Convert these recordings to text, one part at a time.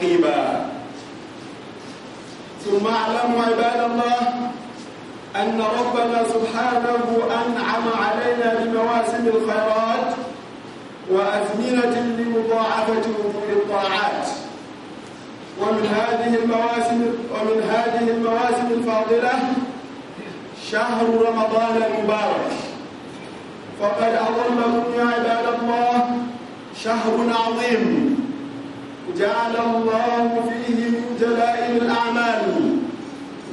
رقيبا ثم اعلموا عباد الله أن ربنا سبحانه أنعم علينا بمواسم الخيرات وأزمنة لمضاعفة وفور الطاعات ومن هذه المواسم ومن هذه المواسم الفاضلة شهر رمضان المبارك فقد أظلكم يا عباد الله شهر عظيم جعل الله فيه من جلائل الأعمال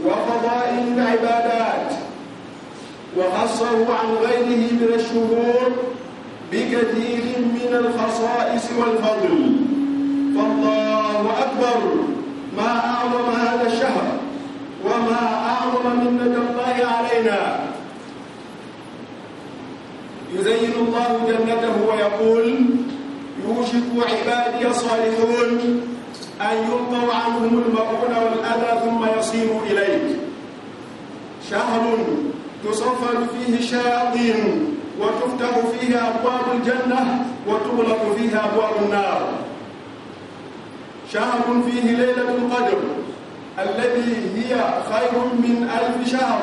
وفضائل العبادات وخصه عن غيره من الشهور بكثير من الخصائص والفضل فالله أكبر ما أعظم هذا الشهر وما أعظم منة الله علينا يزين الله جنته ويقول أوشك عبادي الصالحون أن يلقوا عنهم المرءون والأذى ثم يصيروا إليك شهر تصفر فيه الشياطين وتفتح فيه أبواب الجنة وتغلق فيه أبواب النار شهر فيه ليلة القدر الذي هي خير من ألف شهر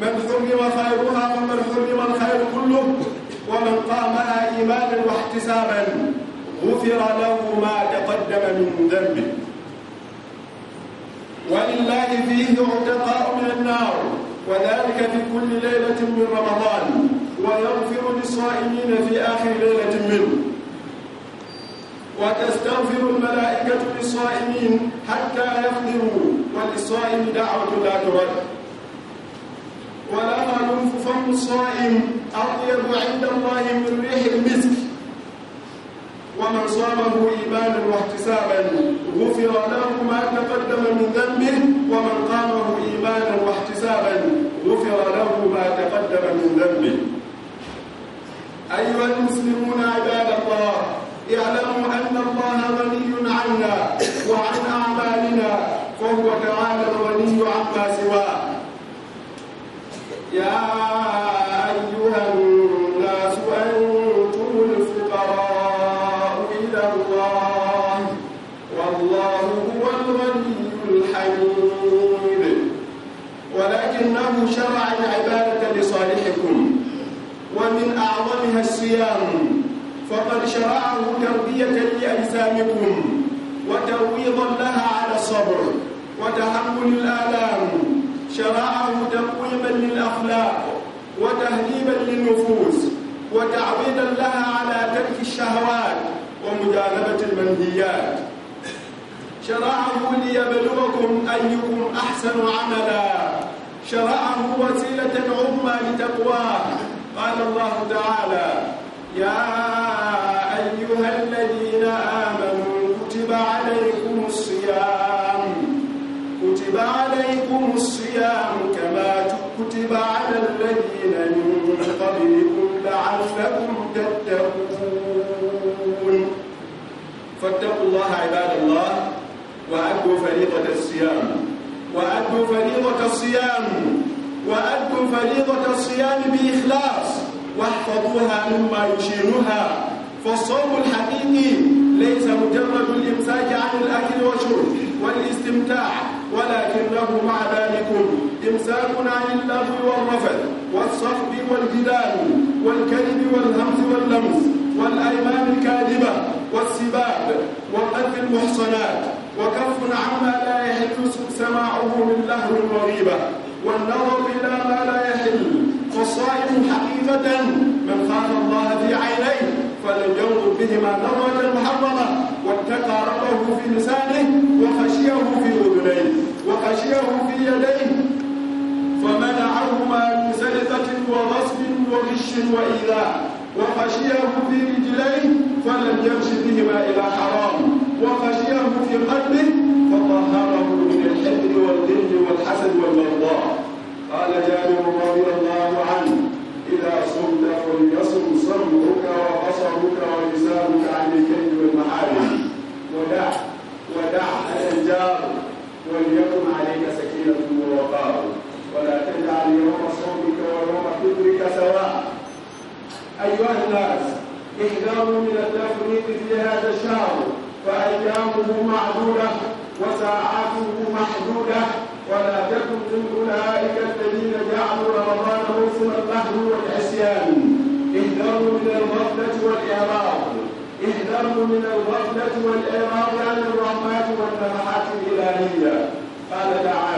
من حرم خيرها ومن حرم الخير كله ومن قامها إيمانا واحتسابا غفر له ما تقدم من ذنبه ولله فيه عتقاء من النار وذلك في كل ليلة من رمضان ويغفر للصائمين في آخر ليلة منه وتستغفر الملائكة للصائمين حتى يفطروا وللصائم دعوة لا ترد ولا ينف فم الصائم أطيب عند الله من ريح المسك ومن صامه إيمانا واحتسابا غفر له ما تقدم من ذنبه ومن قامه إيمانا واحتسابا غفر له ما تقدم من ذنبه أيها المسلمون عباد الله اعلموا أن الله غني عنا وعن أعمالنا فهو تعالى الغني عما سواه يا وقد شرعه تربية لأجسامكم وتعويضا لها على الصبر وتحمل الآلام شرعه تقويما للأخلاق وتهذيبا للنفوس وتعويضا لها على ترك الشهوات ومجانبة المنهيات شرعه ليبلغكم أيكم أحسن عملا شرعه وسيلة عظمى لتقواه قال الله تعالى يا أيها الذين آمنوا كتب عليكم الصيام كتب عليكم الصيام كما كتب على الذين من قبلكم لعلكم تتقون فاتقوا الله عباد الله وأدوا فريضة الصيام وأدوا فريضة الصيام وأدوا فريضة الصيام بإخلاص واحفظوها مما يشينها فالصوم الحقيقي ليس مجرد الإمساك عن الأكل والشرب والاستمتاع ولكنه مع ذلك إمساك عن اللغو والرفث والصحب والجدال والكذب والهمز واللمس والأيمان الكاذبة والسباب وقذف المحصنات وكف عما لا يحل سماعه من لهو وغيبة والنظر إلى ما لا يحل فالصائم حقيقة من خاف الله في عينيه فلينظر بهما نظرة محرمة واتقى ربه في لسانه وخشيه في أذنيه وخشيه في يديه فمنعهما من وغصب وغش وإيذاء وخشيه في رجليه فلم يمش بهما إلى حرام وخشيه في قلبه فطهره من الحقد والغل والحسد والبغضاء قال جابر رضي الله الأمر من الغفلة والإعراض عن الرحمة والنفحات الإلهية قال تعالى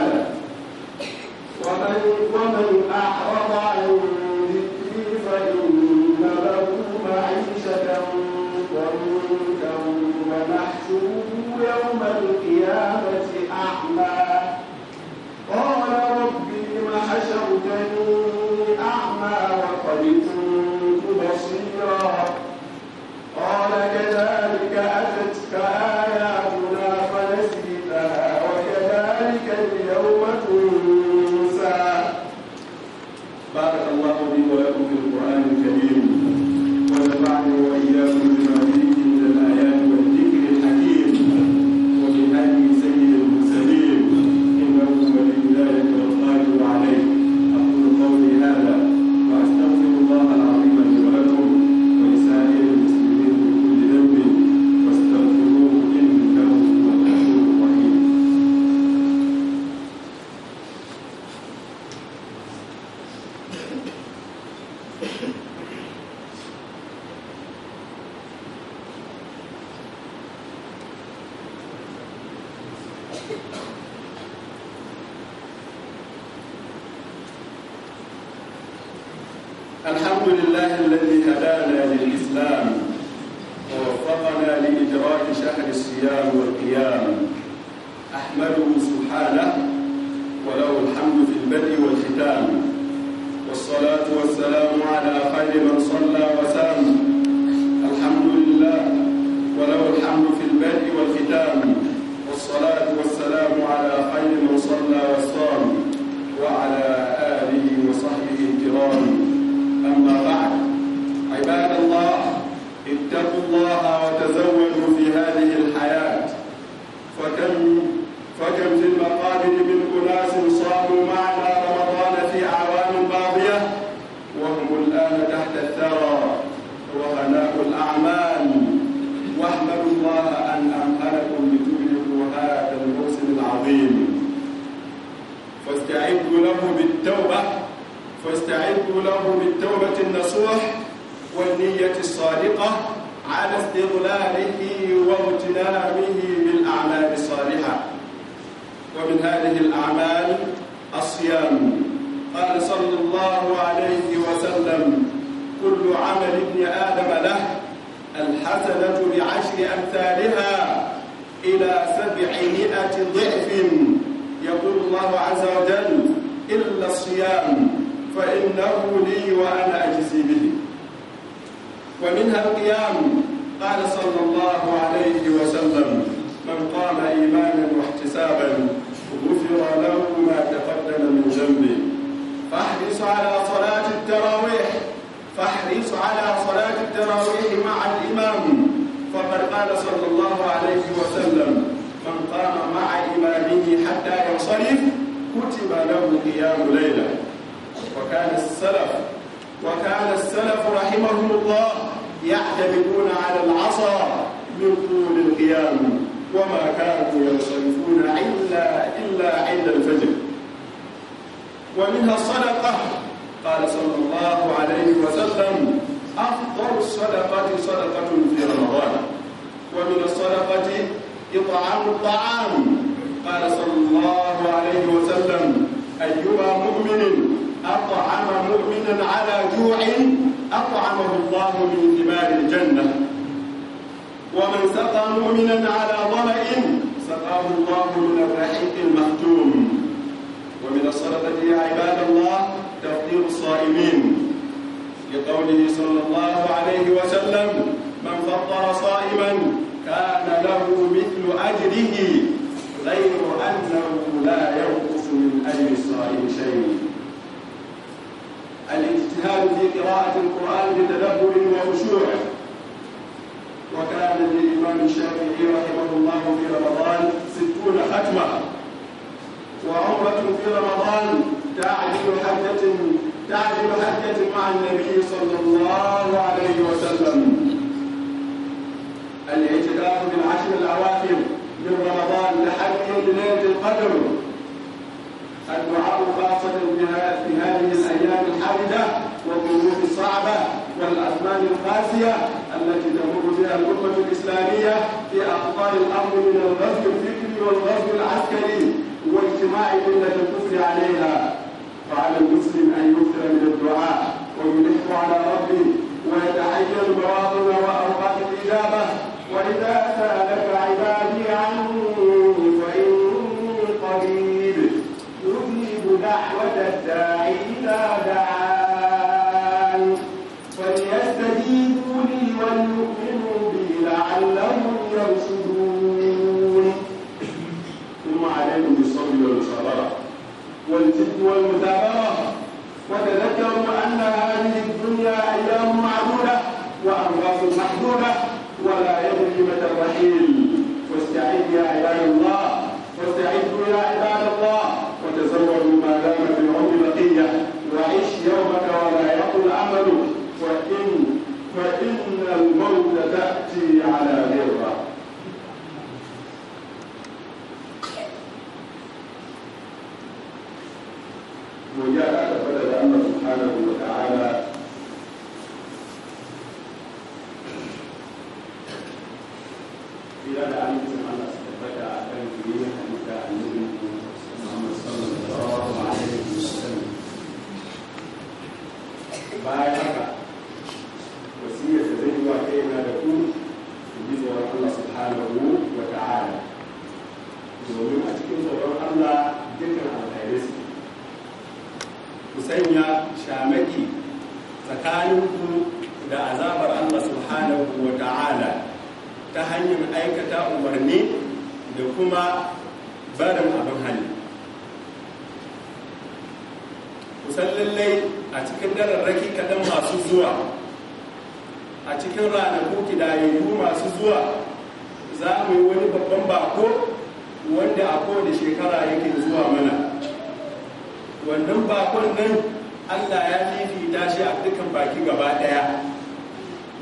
له بالتوبة فاستعدوا له بالتوبة النصوح والنية الصادقة على استغلاله واغتنامه بالأعمال الصالحة ومن هذه الأعمال الصيام قال صلى الله عليه وسلم كل عمل ابن آدم له الحسنة بعشر أمثالها إلى سبعمائة ضعف يقول الله عز وجل إلا الصيام فإنه لي وأنا أجزي به ومنها القيام قال صلى الله عليه وسلم من قام إيمانا واحتسابا غفر له ما تقدم من ذنبه فاحرص على صلاة التراويح فاحرص على صلاة التراويح مع الإمام فقد قال صلى الله عليه وسلم من قام مع إمامه حتى ينصرف كتب له قيام ليلة وكان السلف وكان السلف رحمهم الله يعتمدون على العصا من طول القيام وما كانوا ينصرفون إلا إلا عند الفجر ومنها الصدقة قال صلى الله عليه وسلم أفضل الصدقة صدقة في رمضان ومن الصدقة إطعام الطعام قال صلى الله عليه وسلم أيها مؤمن أطعم مؤمنا على جوع أطعمه الله من ثمار الجنة ومن سقى مؤمنا على ظمأ سقاه الله من الرحيق المختوم ومن الصدقة يا عباد الله تفطير الصائمين لقوله صلى الله عليه وسلم من فطر صائما كان له مثل أجره غير أنه لا ينقص من أجل الصائم شيء الاجتهاد في قراءة القرآن بتدبر وخشوع وكان للإمام الشافعي رحمه الله في رمضان ستون ختمة وعمرة في رمضان تعجب حجة تعجب حجة مع النبي صلى الله عليه وسلم الاعتداء بالعشر الأواخر من رمضان لحد ليلة القدر الدعاء خاصة في هذه الأيام الحادة والظروف الصعبة والأزمان القاسية التي تمر بها الأمة الإسلامية في أقطار الأمر من الغزو الفكري والغزو العسكري واجتماع ملة الكفر عليها فعلى المسلم أن يكثر من الدعاء ويلح على ربه ويتعين مواطن وأوقات الإجابة وإذا أتى hannun aikata umarni da kuma barin abin hali kusan lallai a cikin dararraki kaɗan masu zuwa a cikin ranaku kidayayyu masu zuwa za mu yi wani babban bako wanda a kowane shekara yake zuwa mana wannan bakon nan allah ya fifita shi a dukkan baki gaba ɗaya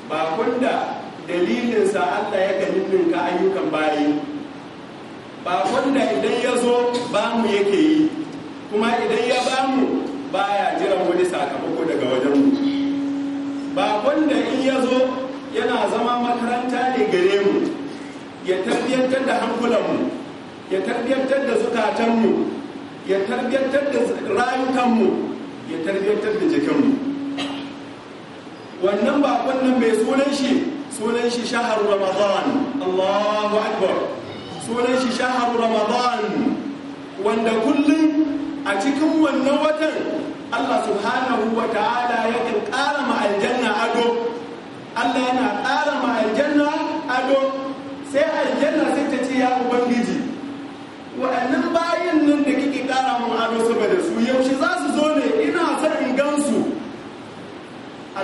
bakon da dalilinsa Allah ya nufin ka ayyukan bayi ba wanda idan ya zo bamu yake yi kuma idan ya bamu baya jiran wani sakamako daga wajen mu ba wanda in ya zo yana zama makaranta ne gare mu ya tarbiyyantar da mu, ya tarbiyyantar da zukatanmu ya tarbiyyantar da rayukanmu ya tarbiyyantar da jikinmu wannan bakon nan mai sunan shi sunan shi shahar ramadan allahu akbar sunan shi shahar ramadan wanda kullum a cikin wannan watan allah subhanahu wa ta'ala ya kan ƙara ma aljanna ado allah yana ƙara ma aljanna ado sai aljanna sai ta ce ya ubangiji waɗannan bayan nan da kike ƙara mu ado saboda su yaushe za su zo ne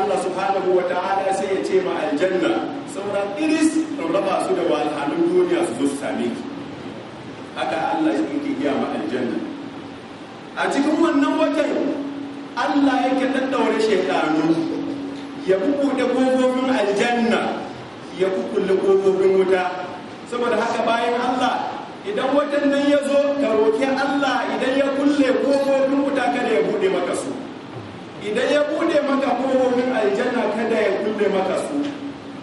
Allah subhanahu wa ta'ala sai ya ce ma aljanna sauran iris raba su da wahalhalun duniya su zo su same ki haka Allah shi yake giya ma aljanna a cikin wannan watan Allah yake daddaure shekaru ya buɗe kofofin aljanna ya kukulle kofofin wuta saboda haka bayan Allah idan watan nan ya zo ka roki Allah idan ya kulle kofofin wuta kada ya buɗe maka su idan ya bude maka kofofin aljanna kada ya kulle maka su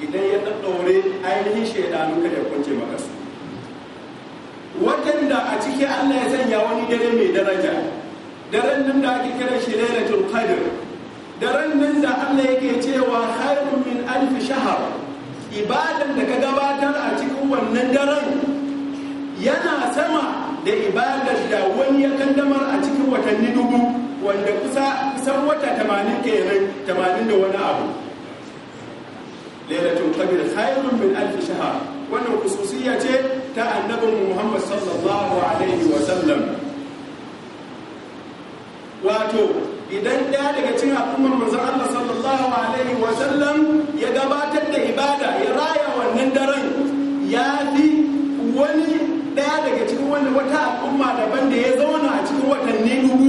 idan ya daddaure ainihin shaidanu kada ya kunce maka su waɗanda a ciki Allah ya sanya wani dare mai daraja daren nan da ake kira shi lailatul qadr daren nan da Allah yake cewa khairun min alf shahar ibadan da ka gabatar a cikin wannan daren yana sama da ibadar da wani ya kaddamar a cikin watanni dubu wanda kusa kusan wata tamanin kenan tamanin da wani abu lailatul qadr khairun min alf shahr wannan khususiyya ce ta annabin Muhammad sallallahu alaihi wa sallam wato idan ɗaya daga cin al'ummar manzon Allah sallallahu alaihi wa sallam ya gabatar da ibada ya raya wannan daren ya fi wani ɗaya daga cikin wani wata al'umma daban da ya zauna a cikin watanni dubu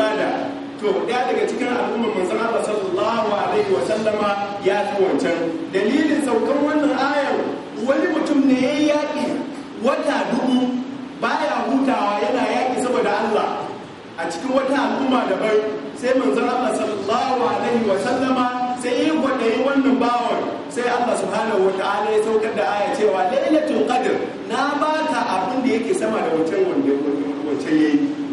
ibada to ɗaya daga cikin al'ummar manzon Allah sallallahu alaihi wa sallama ya fi wancan dalilin saukar wannan ayar wani mutum ne ya yaƙi wata dubu baya hutawa yana yaƙi saboda Allah a cikin wata al'umma daban sai manzon Allah sallallahu alaihi wa sallama sai yi gwadayi wannan bawan sai Allah subhanahu wa ta'ala ya saukar da aya cewa lailatul qadr na bata abin da yake sama da wancan wanda wancan yayi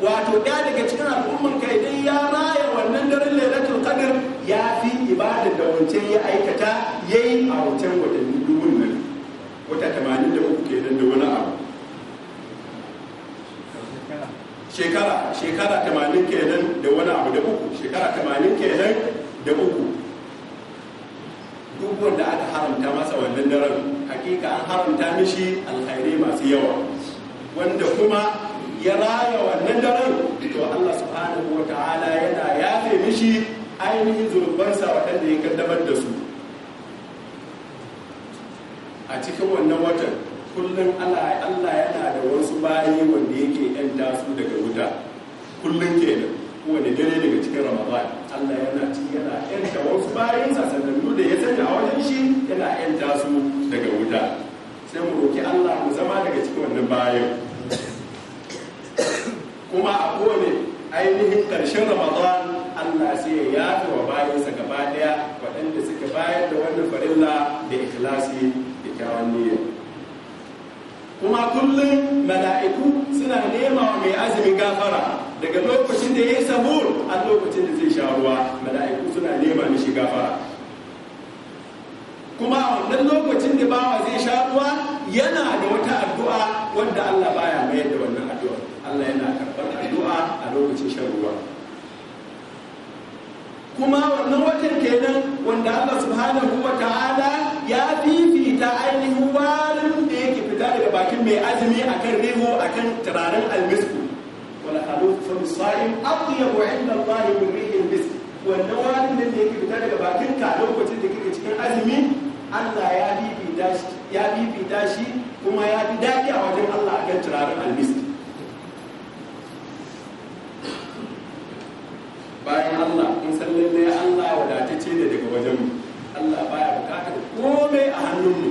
wato ɗaya daga cikin al'umman kai dai ya raya wannan daren lailatul qadr ya fi ibadar da wancan ya aikata yayi a wancan watanni dubun nan wata uku kenan da wani abu shekara shekara 80 kenan da wani abu da uku shekara 80 kenan da uku duk wanda aka haramta masa wannan daren hakika an haramta mishi alkhairai masu yawa wanda kuma ya raya wannan daren to Allah subhanahu wa ta'ala yana yafe mishi ainihin zurbansa waɗanda ya kaddamar da su a cikin wannan watan kullum Allah yana da wasu bayi wanda yake ɗan tasu daga wuta kullum kenan kowane dare daga cikin ramadan Allah yana ci yana da wasu bayansa sanannu da ya sanya a wajen shi yana ɗan tasu daga wuta sai mu roƙi Allah mu zama daga cikin wannan bayan kuma a kone ainihin ƙarshen ramadan allah sai ya yafe wa bayansa gaba daya waɗanda suka bayar da wannan farilla da ikilasi da kyawun niyya kuma kullum mala'iku suna nema wa mai azumin gafara daga lokacin da ya yi sahur a lokacin da zai sha ruwa mala'iku suna nema mishi gafara kuma a wannan lokacin da bawa zai sha ruwa yana da wata addu'a wanda allah baya mayar Allah yana karɓar addu'a a lokacin shan ruwa kuma wannan wajen kenan wanda Allah subhanahu wa ta'ala ya fifita ainihin warin da yake fita daga bakin mai azumi a akan riho kan turaren almisku wani halu fa musa'im atyabu 'inda Allah min rihil misk wannan warin da yake fita daga bakin ka lokacin da kake cikin azumi Allah ya fifita shi kuma ya fi daɗi a wajen Allah a kan turaren almisku bayan Allah in san lalle Allah wadatacce ne daga wajen Allah baya bukatar komai a hannunmu.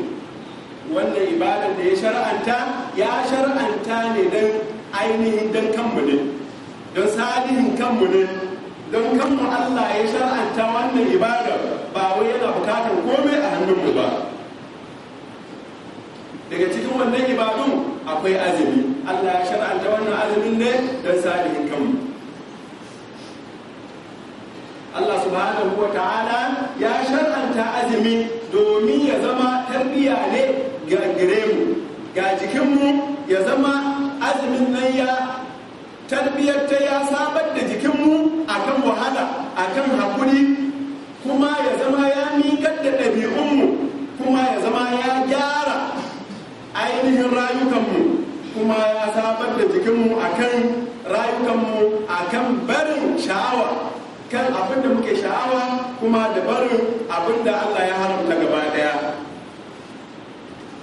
wannan ibadar da ya shar'anta ya shar'anta ne don ainihin don kanmu ne don salihin kanmu ne don kanmu Allah ya shar'anta wannan ibadar ba wai yana bukatar komai a hannunmu ba daga cikin wannan ibadun akwai azumi Allah ya shar'anta wannan azumin ne don salihin kanmu Allah subhanahu wa ta'ala ya shar'anta azumi domin ya zama tarbiya ne ga gare mu ga jikinmu ya zama azumin nan ya tarbiyar ta ya sabar da jikinmu akan wahala akan hakuri kuma ya zama ya miƙar da ɗabi'unmu kuma ya zama ya gyara ainihin rayukanmu kuma ya sabar da jikinmu akan rayukanmu akan barin sha'awa kan abin da muke sha'awa kuma da barin abin da Allah ya haramta gaba daya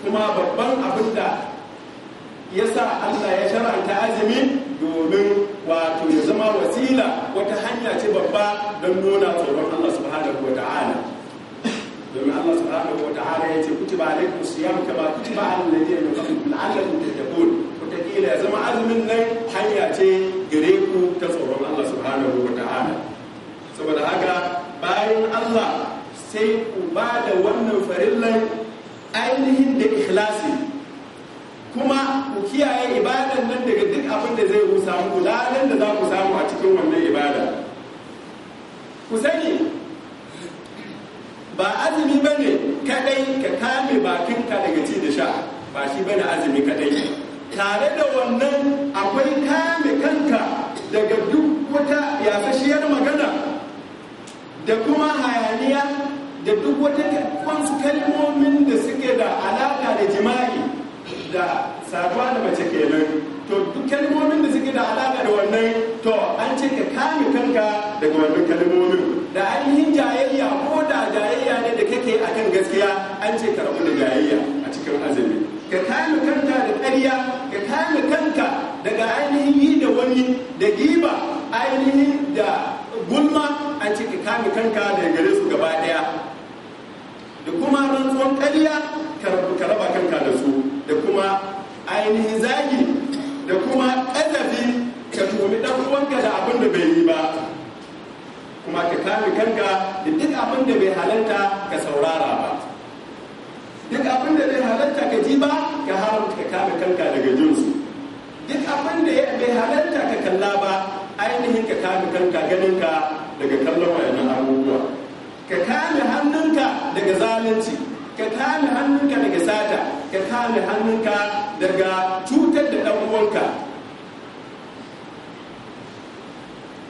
kuma babban abin da ya sa Allah ya sharanta azumi domin wato ya zama wasila wata hanya ce babba don nuna tsoron Allah subhanahu wa ta'ala domin Allah subhanahu wa ta'ala ya ce ba alaikum siyam kama kutiba kuma ladina min qablikum ta tattaqun wataƙila ya zama azumin nan hanya ce gare ku ta tsoron Allah subhanahu wa ta'ala saboda haka bayan Allah sai ku ba da wannan farillan ainihin da ikhlasi kuma ku kiyaye ibadan nan daga duk abin da zai ku samu kudaden da za ku samu a cikin wannan ibada ku sani ba azumi ba ne kadai ka kame bakinka daga ci da sha ba shi ba azumi kadai tare da wannan akwai kame kanka daga duk wata yasashiyar magana da kuma hayaniya da duk wata kansu kalmomin da suke da alaka da jima'i da saduwa da mace kenan to duk kalmomin da suke da alaka da wannan to an ce ka kame kanka daga wannan kalmomin da ainihin jayayya ko da jayayya ne da kake akan gaskiya an ce ka rabu da jayayya a cikin azumi ka kame kanka da ƙarya ka kame kanka daga ainihin yi da wani da giba ainihin da gulma kame kanka da gare su gaba daya da kuma rantsuwan ƙarya ka raba kanka da su da kuma ainihin zagi da kuma ƙazafi ka tuhumi ɗan uwanka da abin da bai yi ba kuma ka kame kanka da duk abin da bai halarta ka saurara ba duk abin da bai halarta ka ji ba ka haramta ka kame kanka daga jinsu duk abin da bai halarta ka kalla ba ainihin ka kame kanka ganin ka daga kallon wayannan abubuwa ka kame hannunka daga zalunci ka kame hannunka daga sata ka kame hannunka daga cutar da ɗan uwanka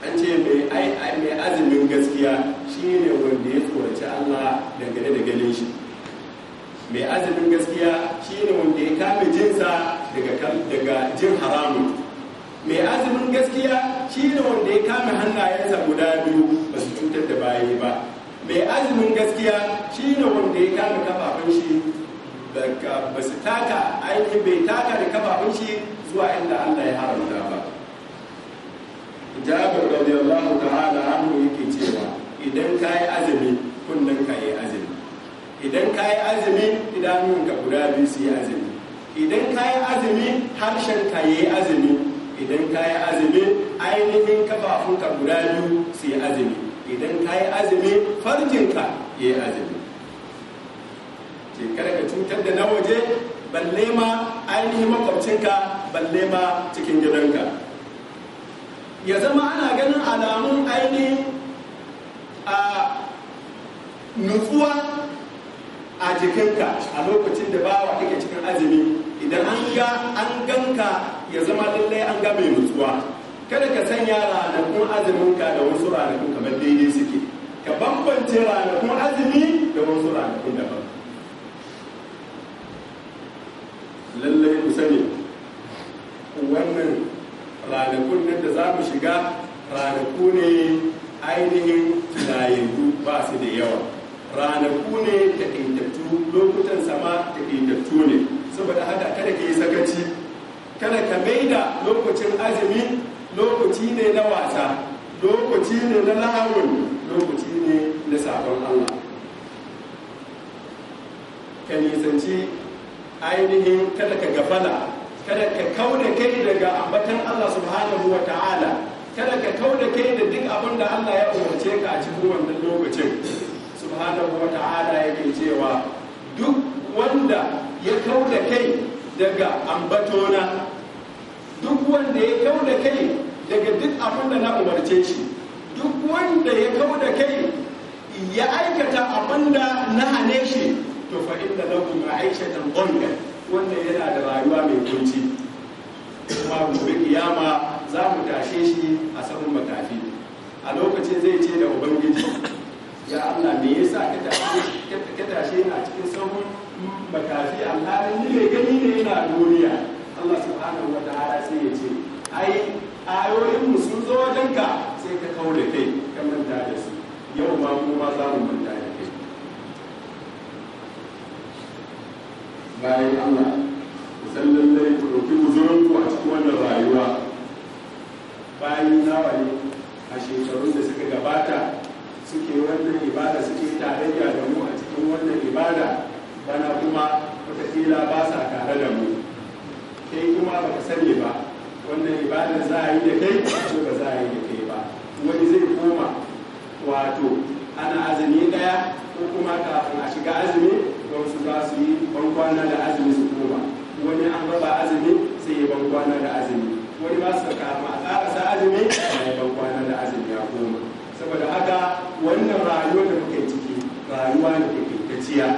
an ce mai azumin gaskiya shi wanda ya tsoraci Allah dangane da ganin shi mai azumin gaskiya shine wanda ya kame jinsa daga jin haramun mai azumin gaskiya shi ne wanda ya kame hannayensa guda biyu ba su cutar da bayi ba mai azumin gaskiya shi ne wanda ya kame kafafun shi ba su taka aiki bai taka da kafafun shi zuwa inda allah ya haramta ba jabir radiyallahu ta'ala anhu yake cewa idan ka yi azumi kunnen ka yi azumi idan ka yi azumi idanunka guda biyu su yi azumi idan ka yi azumi harshen ka yi azumi idan ka yi azumi ainihin kafafunka guda biyu su yi azumi idan ka yi azumi farjinka ya yi azumi ke kada ka cutar da na waje balle ma ainihin makwabcinka balle ma cikin gidanka ya zama ana ganin alamun ainihin a nutsuwa a jikinka a lokacin da bawa kake cikin azumi idan an ga an ganka ya zama lallai an ga mutuwa kada ka sanya ranakun azuminka da wasu ranakun kamar daidai suke ka bambance ranakun azumi da wasu ranakun daban lallai ku sani wannan ranakun nan da za mu shiga ranaku ne ainihin tunayayyu ba su da yawa ranaku ne taƙaitattu lokutan sama taƙaitattu ne saboda haka kada ka yi sakaci kada ka gaida lokacin azumi lokaci ne na wasa lokaci ne na lahawun lokaci ne na sabon allah ka nisanci ainihin kada ka gafala kada ka kauna kai daga ambatan allah subhanahu wa ta'ala kada ka kauda kai da duk abin da allah ya umarce ka a cikin wannan lokacin subhanahu wa ta'ala yake cewa duk wanda ya kauda kai daga ambatona wanda ya kau da kai daga duk abin da na umarce shi duk wanda ya kau da kai ya aikata abin da na hane shi to fa inda lahu da dhanka wanda yana da rayuwa mai kunci kuma gobe kiyama za mu tashe shi a sabon matafi a lokacin zai ce da ubangiji ya Allah me yasa ka tashe a cikin sabon matafi alhalin ni mai gani ne yana duniya Allah subhanahu wa ta'ala sai ya ce ai ayoyin mu sun zo wajen ka sai ka kawo da kai ka manta da su yau ma kuma za mu manta da kai bayan Allah kusan lallai ku ɗauki guzurin ku a cikin wannan rayuwa bayan nawa ne a shekarun da suka gabata suke wannan ibada suke tarayya da mu a cikin wannan ibada bana kuma kila ba sa tare da mu kai kuma ba ka sani ba wannan ibadar za a yi da kai ko ba za a yi da kai ba wani zai koma wato ana azumi daya ko kuma kafin a shiga azumi ga wasu za su yi bankwana da azumi su koma wani an raba azumi sai ya bankwana da azumi wani ba su ma a sa azumi ya bankwana da azumi ya koma saboda haka wannan rayuwar da muke ciki rayuwa ne ke kaciya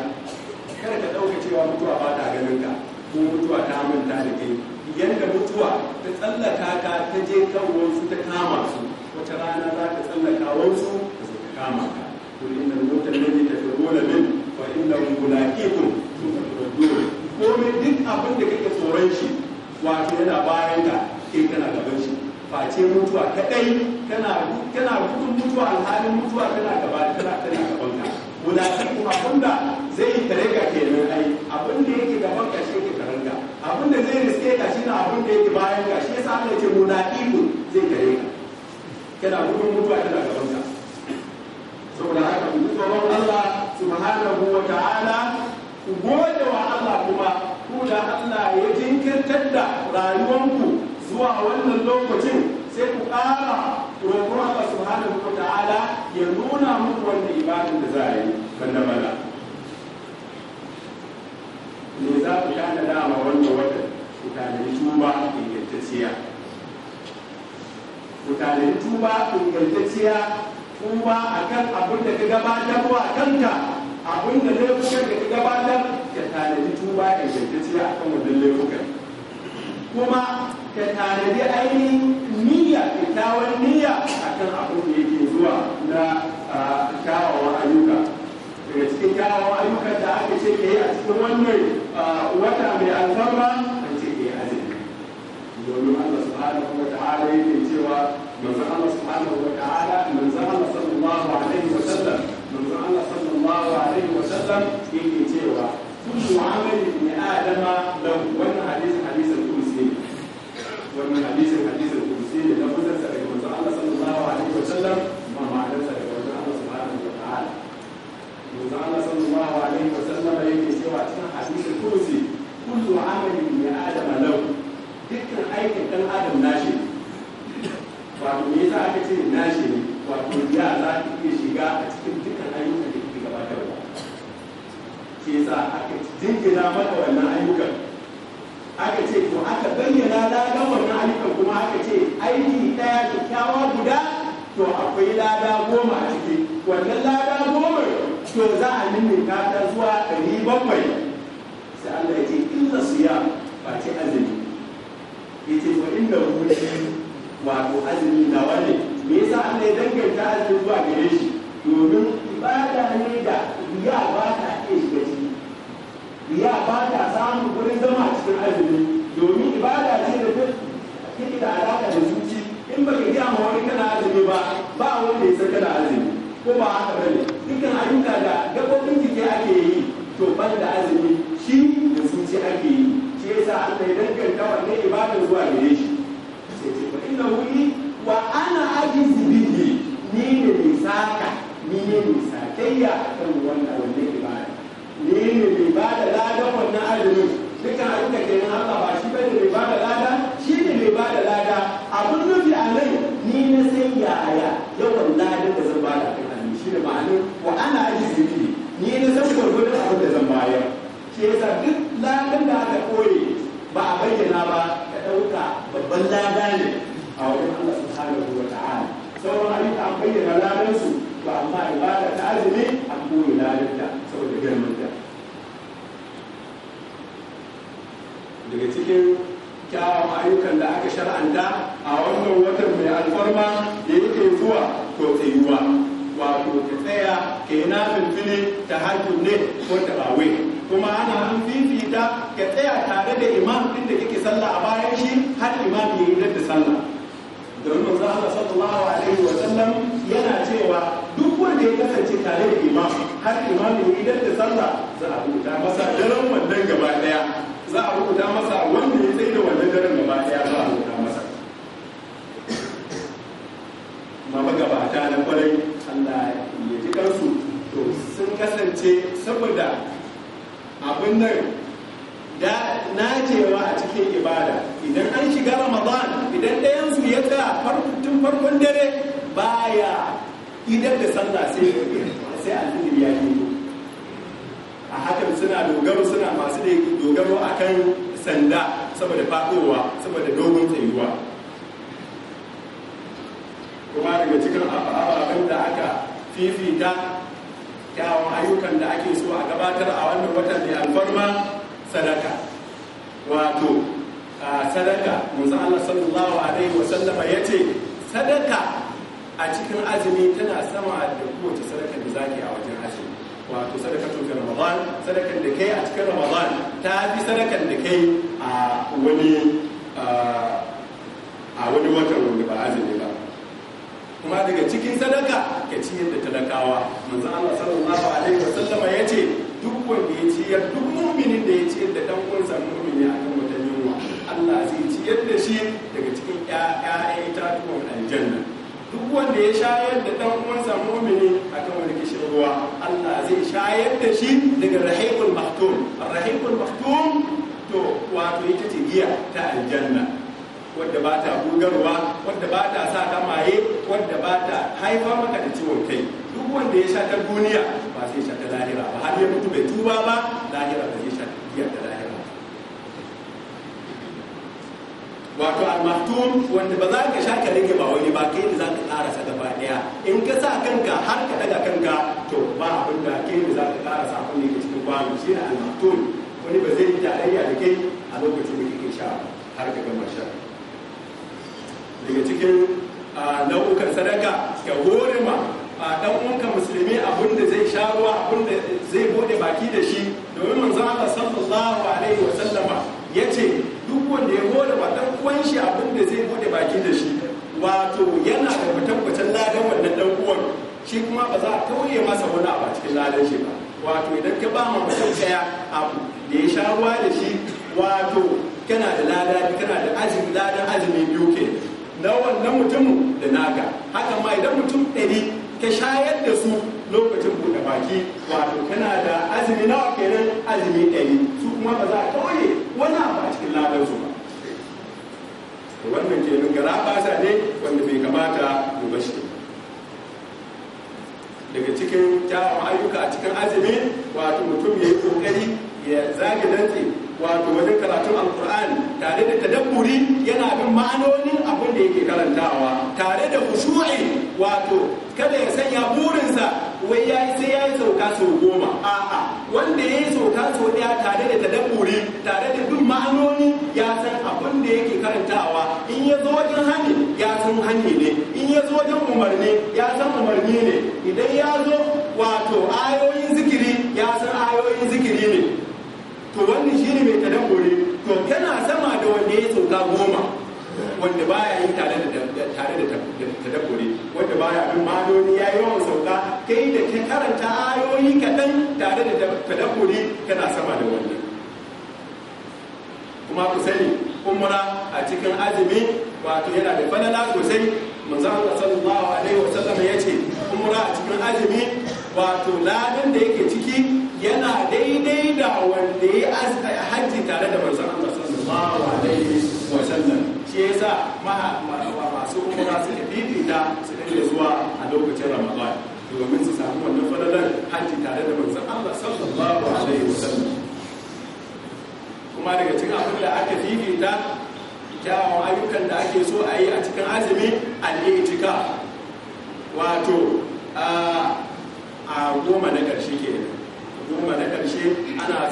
kada ka ɗauka cewa mutuwa ba ta ganin ka ko mutuwa ta manta da kai yadda mutuwa ta tsallaka ka ta je kan wasu ta kama su wata rana za ta tsallaka wasu ta kama ka to inna mutan ne ta tsoro min ka inna mulaqikum ko me duk abin da kake tsoron shi wato yana bayan ka ke kana gaban shi face mutuwa kadai kana kana gudun mutuwa alhalin mutuwa tana gaba tana tana gaban ka mulaqikum abinda zai yi tare ka kenan ai abin da yake gaban ka shi ke abin da zai riske ka shi na abin da yake bayan ka shi ya Allah ce muna ibu zai kare ka kana gudun mutuwa kana gaban ka saboda haka ku tsoron Allah subhanahu wa ta'ala ku gode wa Allah kuma ku da Allah ya jinkirtar da rayuwanku zuwa wannan lokacin sai ku kara roƙon Allah subhanahu wa ta'ala ya nuna muku wannan ibadin da za a yi banda me za ku tanada dama wannan watan ku tanadi tuba ingantacciya ku tanadi tuba ingantacciya tuba kan abin da ka gabatar wa kanka abin da laifukan da ka gabatar ka tanadi tuba ingantacciya akan wannan laifukan kuma ka tanadi ainihin niyya kyakkyawan niyya kan abin da yake zuwa na ah, kyawawan ayyuka cikin kyawawan ayyukan da aka ce ka yi a cikin wannan wata mai alfarma an ce ka yi azumi domin Allah subhanahu wa ta'ala yake cewa manzon Allah subhanahu wa ta'ala manzon Allah sallallahu alaihi wa sallam manzon Allah sallallahu alaihi wa sallam yake cewa kullu amali ibn adama lahu wannan hadisi hadisin kursi wannan hadisin hadisin kursi da lafazin sa manzon Allah sallallahu alaihi wa sallam ma ma'anar sa manzo Allah sallallahu alaihi wa sallam yake cewa cikin hadisi kursi kullu amalin bi adam lahu dukkan aikin dan adam nashi wato me yasa aka ce nashi ne wato ya za ki iya shiga a cikin dukkan ayyukan da kike gabatarwa shi yasa aka jingina maka wannan ayyukan aka ce to aka bayyana ladan wannan ayyukan kuma aka ce aiki daya kyakkyawa guda to akwai lada goma a ciki wannan lada goma so za a nune ka ta zuwa ɗari bakwai sai Allah ya ce illa siya ba ce azumi ya ce ko inda wuce wato azumi na wani me yasa Allah ya danganta azumi zuwa gare shi domin ibada ne da riya ba ta iya shiga ciki riya ba ta samun wurin zama cikin azumi domin ibada da sallah za a rubuta masa daren wannan gaba daya za a rubuta masa wanda ya tsaye da wannan daren gaba daya za a rubuta masa kuma magabata na kwarai Allah ya ji kansu to sun kasance saboda abin nan da cewa a cikin ibada idan an shiga ramadan idan su ya tsaya tun farkon dare baya idan da sallah sai sai alfijir ya yi suna dogaro suna masu da dogaro a kan sanda saboda faɗowa saboda dogon tsayuwa kuma daga cikin ababen da aka fifita kyawun ayyukan da ake so a gabatar a wannan watan mai alfarma sadaka wato a sadaka musa Allah sallallahu alaihi sallama ya ce sadaka a cikin azumi tana sama da kowace sadaka da zaki a wajen wato tun fi ramadan sadakan da kai a cikin ramadan ta fi sadakan da kai a wani a wani watan wanda ba azumi ba kuma daga cikin sadaka ka ciyar da talakawa manzo Allah sallallahu alaihi wasallam ya ce duk wanda ya ciyar duk mu'minin da ya ciyar da dan uwansa mu'mini akan wata yunwa Allah zai ciyar da shi daga cikin ƴaƴa itatuwan aljanna duk wanda ya shayar da dan uwansa mu'mini akan wani kishin ruwa Allah zai shayar da shi daga rahimul mahtum rahimul mahtum to wato ita ce giya ta aljanna wadda ba ta bugarwa wadda ba ta sa ta maye wadda ba ta haifa maka da ciwon kai duk wanda ya sha ta duniya ba sai sha ta lahira ba har ya mutu bai tuba ba lahira ba zai sha giya ta wato almaktum wanda ba za ka sha ka rage ba wani ba ke ne za ka karasa gaba daya in ka sa kanka har ka daga kanka to ba abin da ke ne za ka karasa abin da ke cikin kwano shi ne almaktum wani ba zai yi tarayya da kai a lokacin da kake sha har ka gama sha daga cikin nau'ukan sadaka ya hore ma dan uwanka musulmi abin da zai sha ruwa abin da zai bude baki da shi domin manzo Allah sallallahu alaihi wa sallama yace duk wanda ya hore ba dan uwan shi abin da zai bude baki da shi wato yana da mutabbacin ladan wannan dan uwan shi kuma ba za a kauye masa wani abu a cikin ladan shi ba wato idan ka ba ma mutum kaya abu da ya sha ruwa da shi wato kana da lada kana da azumi ladan azumi biyu ke na wannan mutumin da naka haka ma idan mutum ɗari ka shayar da su lokacin buɗe baki wato kana da azumi nawa kenan azumi ɗari su kuma ba za a kauye wani abu a cikin ladansu ba ba wannan nan gara basa ne wanda bai kamata mu shi daga cikin kyawun ayyuka a cikin azumi wato mutum ya yi kokari ya zagi dantse wato wajen karatun alkur'ani tare da tadabburi yana bin ma'anoni abin da yake karantawa tare da khushu'i wato kada ya sanya burinsa wai ya yi sai ya yi sauka sau goma a'a wanda ya yi sauka sau daya tare da tadabburi tare da bin ma'anoni ya san abin da yake karantawa in ya zo wajen hani ya san hani ne in ya zo wajen umarni ya san umarni ne idan ya zo wato ayo to kana sama da wanda ya sauka goma wanda baya yi tare da tare da tadabbure wanda baya bin ya yi yawan sauka kai da ke karanta ayoyi kaɗan tare da tadabbure kana sama da wanda kuma ku sani umra a cikin azumi wato yana da falala sosai manzo Allah sallallahu alaihi wasallam ya ce umra a cikin azumi wato ladan da yake ciki yana daidai da wanda ya hajji tare da manzon Allah sallallahu alaihi wa sallam shi yasa masu umra suka da su dinga zuwa a lokacin Ramadan domin su samu wannan falalar hajji tare da manzon Allah sallallahu alaihi wa sallam kuma daga cikin abin da aka bibita kyawawan ayyukan da ake so a yi a cikin azumi cika wato a goma na ƙarshe kenan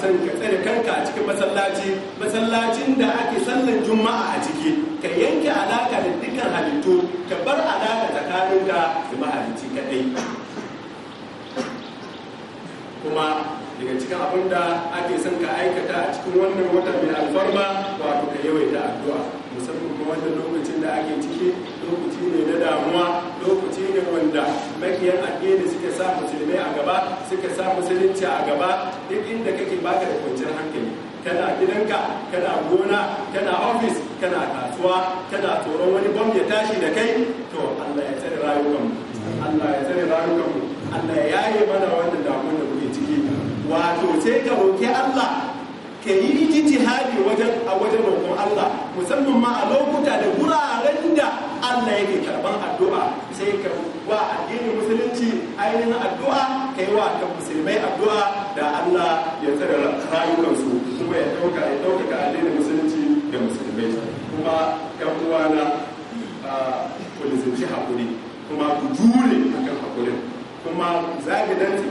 san ka tsare kanka a cikin masallaci masallacin da ake sallan juma'a a ciki ka yanke alaka da dukkan halittu ka bar alaka ka da mahalicci kadai kuma daga cikin abin da ake son ka aikata a cikin wannan wata mai alfarma wato ka yawaita addu'a wanda lokacin da ake ciki lokaci ne na damuwa lokaci ne wanda makiyan addini suka sa musulmi a gaba suka sa musulunci a gaba duk inda kake baka da kwanciyar hankali kana gidanka kana gona kana ofis kana kasuwa kana tsoron wani bom ya tashi da kai to Allah ya tsare rayukanmu Allah ya tsare rayukanmu Allah ya yaye mana wannan damuwar da kuke ciki wato sai ka roki Allah ka yi ijtihadi wajen a wajen roƙon Allah musamman ma a lokuta da wuraren da Allah yake karban addu'a sai ka wa addinin musulunci ainihin addu'a ka yi wa da musulmai addu'a da Allah ya tsara rayukansu kuma ya ɗauka ya ɗauka ga addinin musulunci da musulmai kuma yan uwana ku lizinci hakuri kuma ku jure akan hakurin kuma zagi danci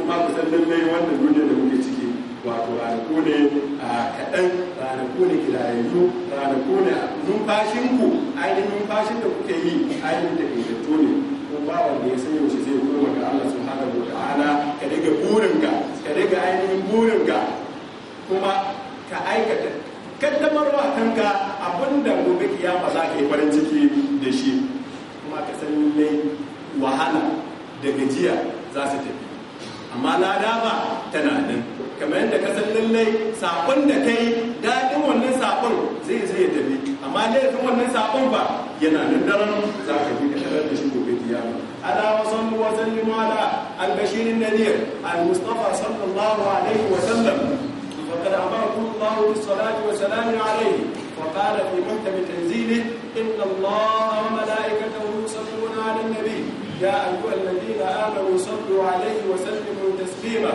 kuma ku san lallai wannan duniya da kuke ciki wato ranaku ne a kaɗan ranaku ne kirayayyu ranaku ne numfashinku ainihin numfashin da kuke yi ainihin da kaitattu ne ko ba wanda ya san yaushe zai koma ga Allah subhanahu wa ta'ala ka daga burinka ka daga ainihin burinka kuma ka aikata kaddamarwa kanka abinda gobe kiyama za ka yi farin ciki da shi kuma ka san wahala da gajiya za su tafi amma lada ba tana nan kamar yadda ka san lallai sakon da kai daɗin wannan sakon zai zai tafi amma laifin wannan sakon ba yana nan daren za ka bi karar da shi gobe kiyama ala wa sallu wa sallimu ala al-bashirin nadir al-mustafa sallallahu alaihi wa sallam faqad amarakum Allah bis salati wa salam alayhi wa qala fi muhkam tanzilihi inna Allah wa malaikatahu yusalluna ala an-nabi ya ayyuhalladhina amanu sallu alayhi wa sallimu taslima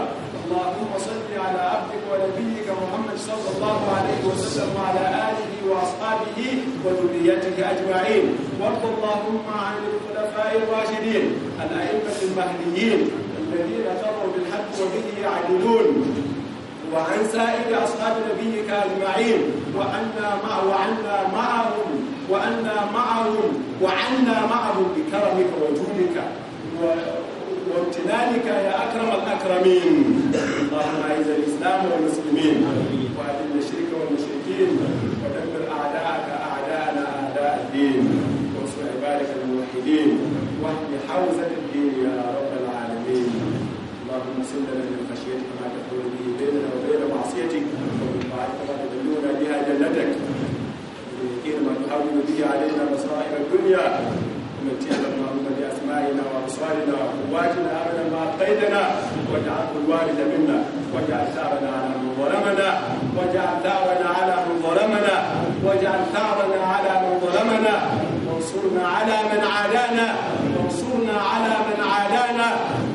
اللهم صل على عبدك ونبيك محمد صلى الله عليه وسلم وعلى آله وأصحابه وذريته أجمعين وارض اللهم عن الخلفاء الراشدين الأئمة المهديين الذين جروا بالحق وبه يعدلون وعن سائر أصحاب نبيك أجمعين وعنا مع وعنا معهم وعنا معهم وعنا معهم بكرمك وجودك وامتنانك يا أكرم الأكرمين اللهم أعز الإسلام والمسلمين وأذل الشرك والمشركين ودمر أعداءك أعداءنا أعداء الدين وانصر عبادك الموحدين واهد حوزة الدين يا رب العالمين اللهم سل لنا من خشيتك ما تقول به بيننا وبين معصيتك ومن بعدك ما تدلونا بها جنتك اليقين ما تحول به علينا مصائب الدنيا وأسمائنا وأبصارنا وقواتنا أبدا ما أبقيتنا واجعل الوالد منا واجعل ثارنا على من ظلمنا واجعل ثارنا على من ظلمنا واجعل ثارنا على من ظلمنا وانصرنا على من عادانا وانصرنا على من عادانا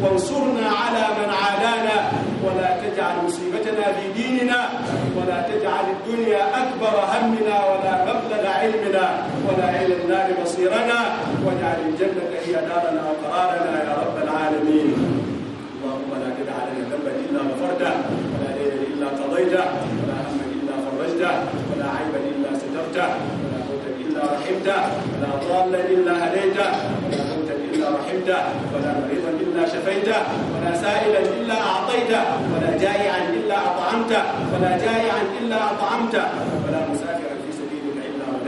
وانصرنا على من عادانا ولا تجعل مصيبتنا في ديننا ولا تجعل الدنيا أكبر همنا ولا مبلغ علمنا ولا إلى النار مصيرنا واجعل الجنة هي دارنا وقرارنا يا رب العالمين اللهم لا تدع لنا ذنبا إلا غفرته ولا دينا إلا قضيته ولا هما إلا فرجته ولا عيبا إلا سترته ولا موتا إلا رحمته ولا ضالا إلا هديته ولا موتا إلا رحمته ولا مريضا إلا شفيته ولا سائلا إلا أعطيته ولا جائعا إلا أطعمته ولا جائعا إلا أطعمته ولا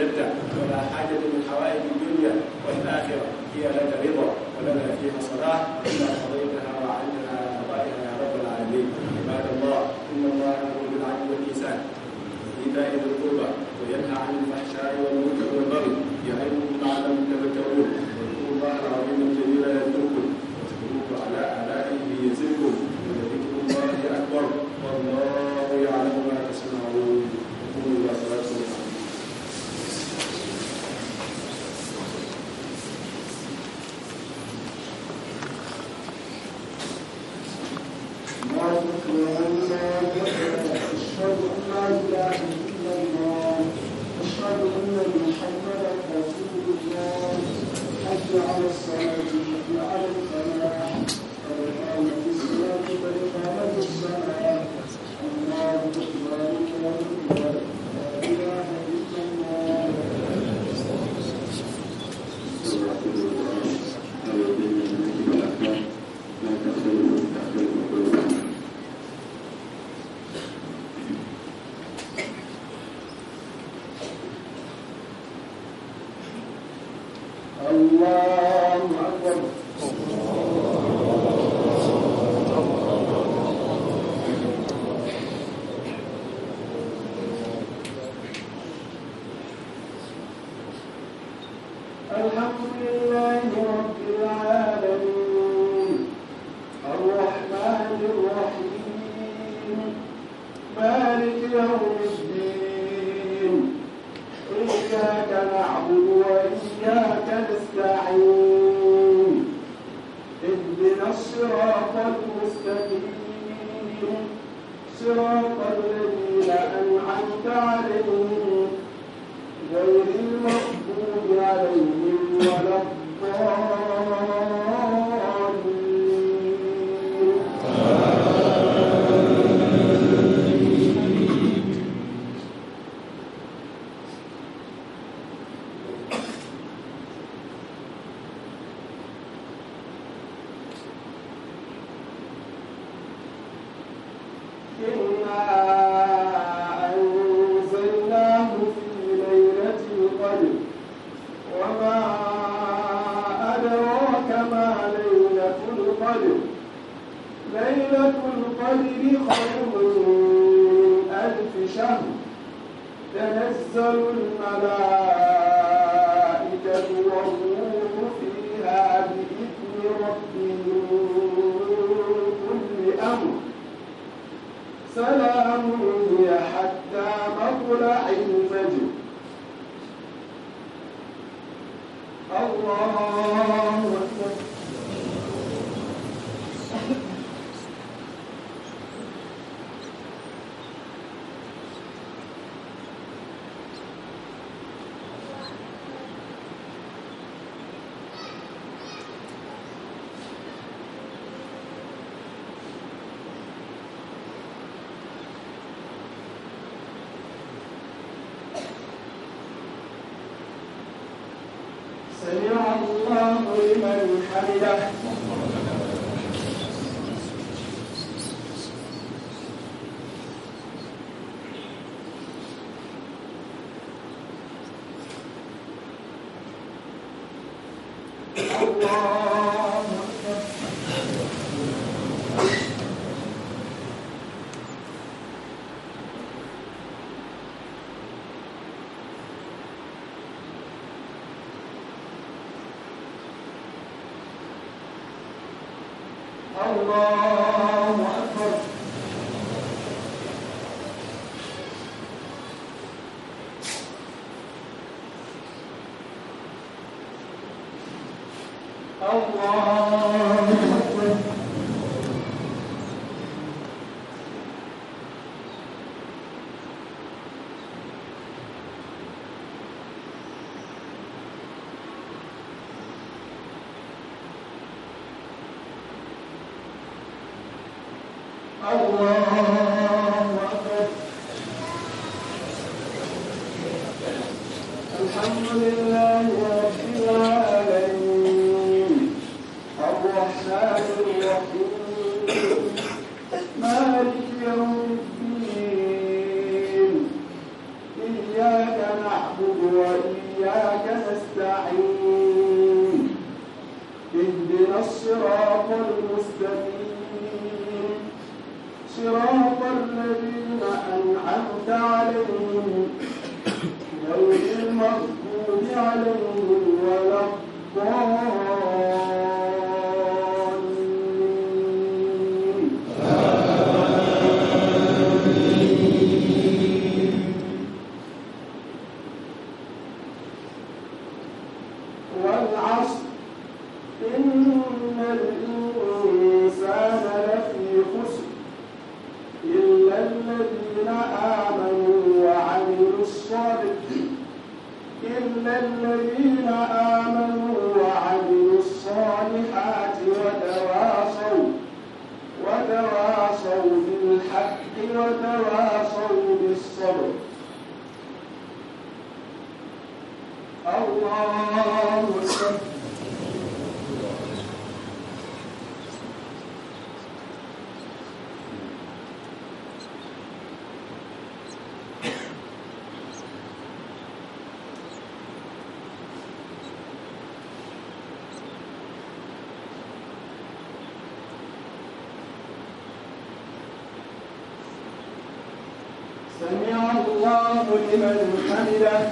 ولدت ولا حاجة من حوائج الدنيا والآخرة هي لك رضا ولنا فيها صلاح إلا قضيتها وعلمنا قضائها يا رب العالمين عباد الله إن الله يأمر بالعدل والإحسان وإيتاء ذي القربى وينهى عن الفحشاء والمنكر والبغي يعظكم لعلكم تذكرون واذكروا الله العظيم الجليل يذكركم واشكروه على آلاء صراط الذين أنعمت عليهم غير المغضوب سمع الله لمن حمده سمع الله لمن حمده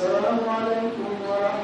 السلام عليكم ورحمة